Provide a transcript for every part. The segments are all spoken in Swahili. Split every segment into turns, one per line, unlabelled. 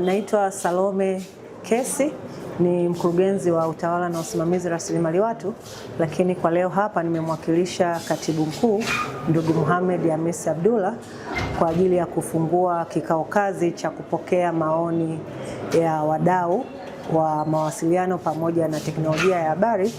Naitwa Salome Kesi ni mkurugenzi wa utawala na usimamizi rasilimali watu, lakini kwa leo hapa nimemwakilisha katibu mkuu ndugu Mohamed Hamisi Abdullah kwa ajili ya kufungua kikao kazi cha kupokea maoni ya wadau wa mawasiliano pamoja na teknolojia ya habari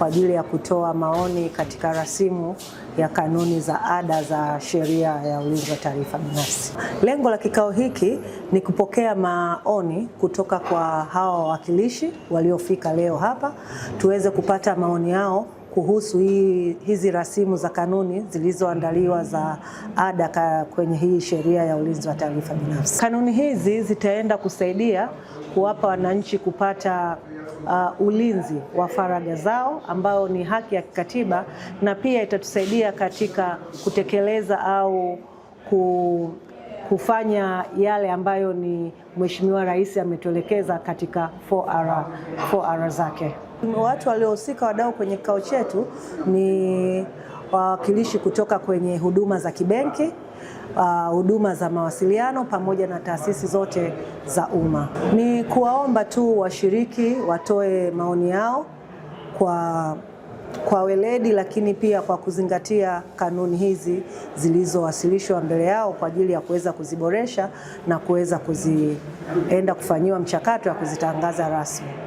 kwa ajili ya kutoa maoni katika rasimu ya kanuni za ada za sheria ya ulinzi wa taarifa binafsi. Lengo la kikao hiki ni kupokea maoni kutoka kwa hawa wawakilishi waliofika leo hapa, tuweze kupata maoni yao kuhusu hii, hizi rasimu za kanuni zilizoandaliwa za ada kwenye hii sheria ya ulinzi wa taarifa binafsi. Kanuni hizi zitaenda kusaidia kuwapa wananchi kupata uh, ulinzi wa faragha zao ambao ni haki ya kikatiba na pia itatusaidia katika kutekeleza au kufanya yale ambayo ni Mheshimiwa Rais ametuelekeza katika 4R 4R zake. Watu waliohusika wadau kwenye kikao chetu ni wawakilishi kutoka kwenye huduma za kibenki uh, huduma za mawasiliano pamoja na taasisi zote za umma. Ni kuwaomba tu washiriki watoe maoni yao kwa kwa weledi, lakini pia kwa kuzingatia kanuni hizi zilizowasilishwa mbele yao kwa ajili ya kuweza kuziboresha na kuweza kuzienda kufanyiwa mchakato ya kuzitangaza rasmi.